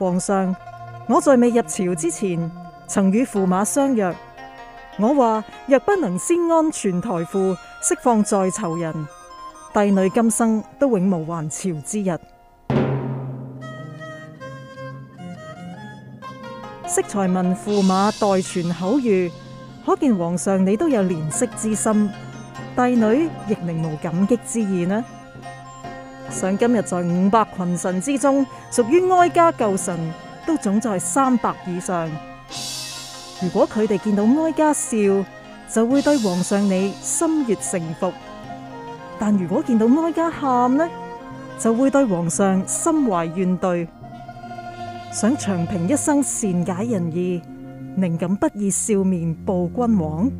皇上，我在未入朝之前，曾與駙馬相約。我話若不能先安全,全台父，釋放在囚人，帝女今生都永無還朝之日。適才聞駙馬代傳口諭，可見皇上你都有憐惜之心，帝女亦寧無感激之意呢？想今日在五百群臣之中，屬於哀家舊臣都總在三百以上。如果佢哋見到哀家笑，就會對皇上你心悅誠服；但如果見到哀家喊呢，就會對皇上心懷怨懟。想長平一生善解人意，寧敢不以笑面報君王？